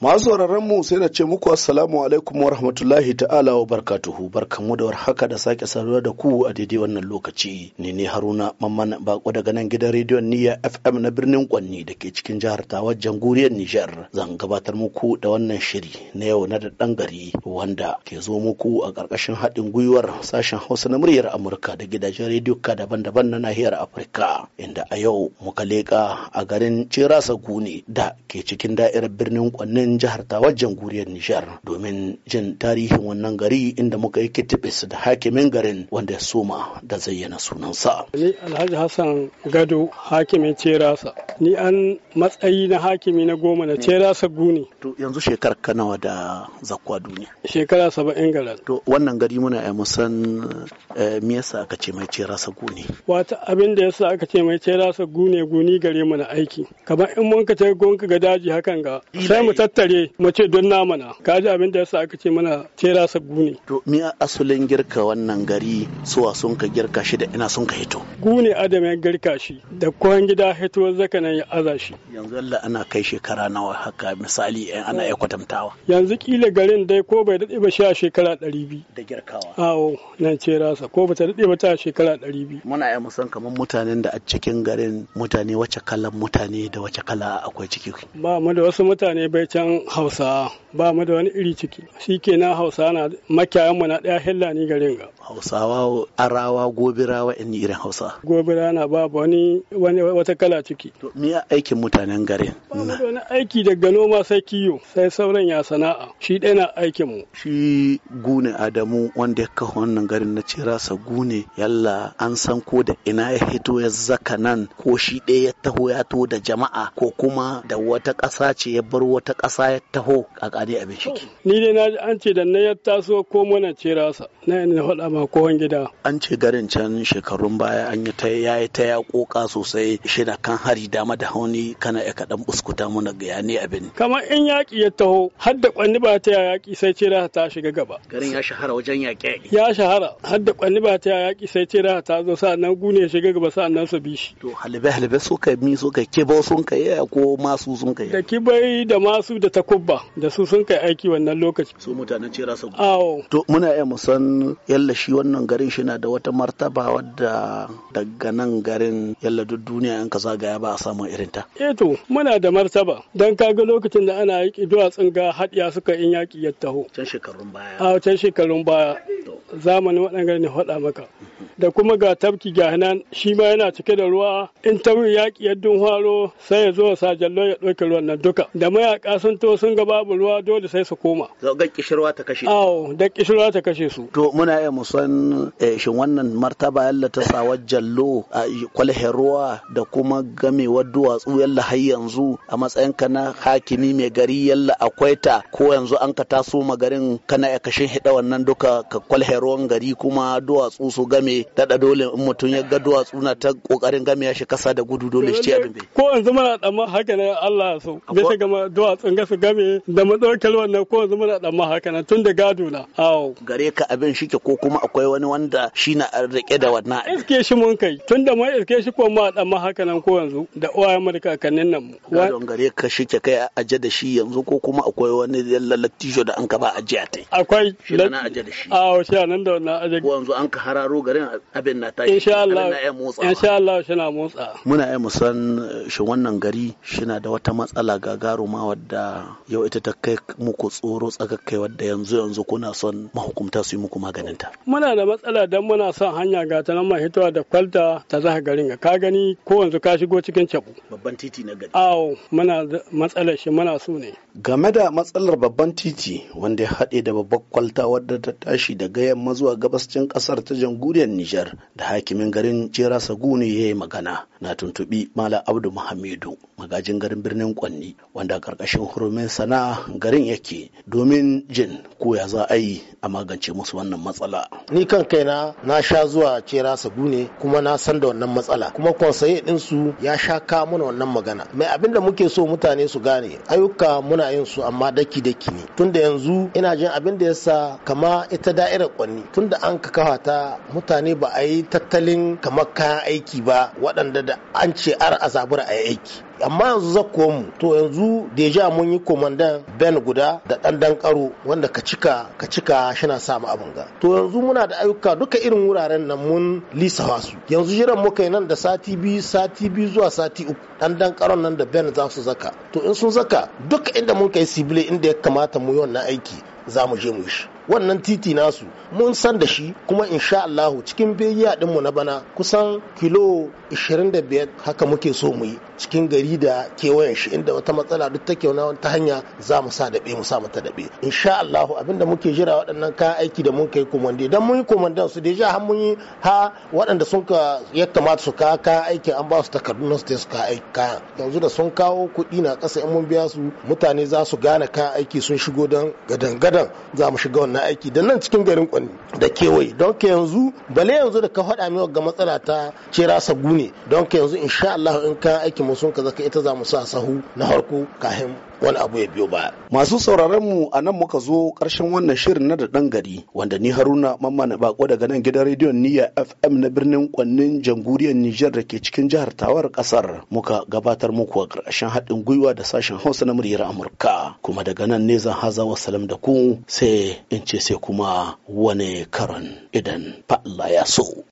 Masu mu sai na ce muku assalamu alaikum wa rahmatullahi ta'ala wa barkatuhu mu da warhaka da sake saduwa da ku a daidai wannan lokaci ni ne Haruna Mamman Bako daga nan gidan rediyon Niyya FM na birnin Kwanni da ke cikin jihar Tawa janguriyar Nijar zan gabatar muku da wannan shiri na yau na da gari wanda ke zo muku a karkashin haɗin gwiwar sashen Hausa na muryar Amurka da gidajen rediyo daban-daban na nahiyar Afirka inda a yau muka leƙa a garin cerasa Gune da ke cikin da'irar birnin Kwanni cikin jihar ta wajen guriyar Nijar domin jin tarihin wannan gari inda muka yi kitibis da hakimin garin wanda ya soma da zayyana sunansa. Ni Alhaji Hassan Gado hakimin Cerasa. Ni an matsayi na hakimi na goma na Cerasa Guni. To yanzu shekar kanawa da zakwa duniya. Shekara saba'in gara. To wannan gari muna yi eh, musan eh, me yasa aka ce mai Cerasa Guni. Wata abin da yasa aka ce mai Cerasa Guni guni gare mu na aiki. Kamar in mun ka ce gonka ga daji hakan ga sai mu tattare mu ce don nama na ji abin da yasa aka ce mana tera sa ne to me asalin girka wannan gari suwa sun ka girka shi da ina sun ka hito gune adam ya girka shi da kohan gida hito zaka nan ya aza shi yanzu Allah ana kai shekara nawa haka misali in ana ya kwatamtawa yanzu kila garin dai ko bai dade ba sha shekara 200 da girkawa awo nan ce rasa ko bata dade ba ta shekara 200 muna ya musan kamar mutanen da a cikin garin mutane wace kalan mutane da wace kala akwai ciki ba mu da wasu mutane bai can wajen hausa ba mu da wani iri ciki shi kenan hausa na makiyayenmu na ɗaya hella ni garin ga hausawa arawa gobirawa in irin hausa gobira na babu wani wata kala ciki to me aikin mutanen garin na wani aiki daga noma sai kiyo sai sauran ya sana'a shi dai na aikin mu shi gune adamu wanda ya kawo wannan garin na sa, gune yalla an san ko da ina ya hito ya zaka nan ko shi ɗaya ya taho ya to da jama'a ko kuma da wata ƙasa ce ya bar wata ƙasa ya taho a abin shi ni dai na an ce da na ya taso ko mana sa na yana faɗa ma kowan gida. An ce garin can shekarun baya an yi ta yayi ta ya koka sosai shi na kan hari dama da hauni kana ya kaɗan buskuta muna ga yani abin. Kamar in yaƙi ya taho har da kwanni ba ta yaƙi sai ce ta shiga gaba. Garin ya shahara wajen yaƙe. Ya shahara har da kwanni ba ta yaƙi sai ce ta zo nan gune shiga gaba nan su bi shi. To halibe halibe kai mi suka kibo sun kai ko masu sun kai. Da kibai da masu da takubba da su sun kai aiki wannan lokaci. Su mutanen ce su. Awo. To muna iya san yallashi shi wannan garin shi na da wata martaba wadda daga nan garin yalla duk duniya in ka zagaya ba a samun irin ta eh to muna da martaba dan ga lokacin da ana yaki duwatsun ga hadiya suka in yaki ya taho can shekarun baya a can shekarun baya zamanin waɗanda ne faɗa maka da kuma ga tabki ga nan shi ma yana cike da ruwa in taurin yaƙi ya dunhwaro sai ya zo sa jallo ya ɗauke ruwan nan duka da mayaƙa sun to sun ga babu ruwa dole sai su koma. Ga kishirwa ta kashe. Awo da kishirwa ta kashe su. To muna iya mu san eh, shin wannan martaba yalla ta sawa jallo a kwalhe ruwa da kuma wa duwatsu yalla har yanzu a matsayin ka na hakimi mai gari yalla akwai ta ko yanzu an ka taso magarin kana ya kashin hida wannan duka ka kwalhe ruwan gari kuma duwatsu su game dada dole in mutum ya ga duwatsu na ta kokarin game ya shi kasa da gudu dole shi ya dube ko yanzu muna da ma haka ne Allah ya so bisa gama duwatsun ga su game da matsaukar wannan ko yanzu muna da ma haka ne tun da gado na awo gare ka abin shike ko kuma akwai wani wanda shi na rike da wannan iske shi mun kai tun da mai iske shi ko ma da ma haka nan ko yanzu da uwaye mu da kakannin nan mu gado gare ka shike kai aje da shi yanzu ko kuma akwai wani lalatijo da an ka ba aje a tai akwai shi na aje da shi awo shi nan da wannan aje ko yanzu an ka hararo garin abin na tashi insha Allah insha Allah shi na motsa muna ya musan eh, shi wannan gari shi na da wata matsala ma wadda yau ita ta kai muku tsoro tsakakkai wadda yanzu yanzu kuna son mahukumta su yi muku maganin ta muna da matsala dan muna son hanya ga ta nan ma hitowa da kwalta ta zaka garin ka gani ko yanzu ka shigo cikin cabu babban titi na gari awo muna matsalar shi muna so ne game da matsalar babban titi wanda ya haɗe da babbar kwalta wadda ta tashi daga yamma zuwa gabascin ƙasar ta jamhuriyar Nijar Nijar da hakimin garin Jera Saguni ya yi magana na tuntubi Malam Abdu Muhammadu magajin garin birnin Kwanni wanda karkashin hurumin sana'a garin yake domin jin ko ya za a yi a magance musu wannan matsala. Ni kan kai na na sha zuwa Jera Saguni kuma na san da wannan matsala kuma kwansaye din su ya sha ka mana wannan magana. Mai abin da muke so mutane su gane ayyuka muna yin su amma daki-daki ne tunda yanzu ina jin abin da ya sa kama ita da'irar Kwanni tunda an ka ta mutane ba a yi tattalin kamar kayan aiki ba waɗanda da an ce ar a zabura a aiki amma yanzu za mu to yanzu deja mun yi komandan ben guda da ɗan dan karo wanda ka cika ka cika shina samu abin ga to yanzu muna da ayyuka duka irin wuraren nan mun lisa wasu yanzu jiran muka yi nan da sati biyu sati biyu zuwa sati uku dan dan karon nan da ben za su zaka to in sun zaka duka inda mun kai sibile inda ya kamata mu yi wannan aiki za mu je mu yi shi wannan titi nasu mun san da shi kuma insha Allahu cikin beyiya dinmu na bana kusan kilo 25 haka muke so mu yi cikin gari da kewayen shi inda wata matsala duk ta kewana ta hanya za mu sa daɓe mu sa mata daɓe insha Allahu abinda muke jira waɗannan kayan aiki da mun kai komande dan mun yi komandan su deja har mun yi ha waɗanda sun ka ya kamata su kawo kayan aiki an ba su takardu na su su kayan yanzu da sun kawo kuɗi na kasa in mun biya su mutane za su gane kayan aiki sun shigo don gadan-gadan za mu shiga wannan na aiki da nan cikin garin kwanni da kewaye don ka yanzu bale yanzu da ka faɗa mai ga matsala ta cera rasa ne don ka yanzu insha Allah in ka aiki musun ka zaka ita za mu sa sahu na harko kahin wani abu ya biyo ba. Masu sauraron mu a nan muka zo ƙarshen wannan shirin na da ɗan gari wanda ni Haruna Mamman Bako daga nan gidan rediyon Niyya FM na birnin Kwannin Jamhuriyar Nijar da ke cikin jihar Tawar ƙasar muka gabatar muku a ƙarshen haɗin gwiwa da sashen Hausa na muryar Amurka kuma daga nan ne zan haza wa salam da ku sai in ce sai kuma wani karon idan fa Allah ya so.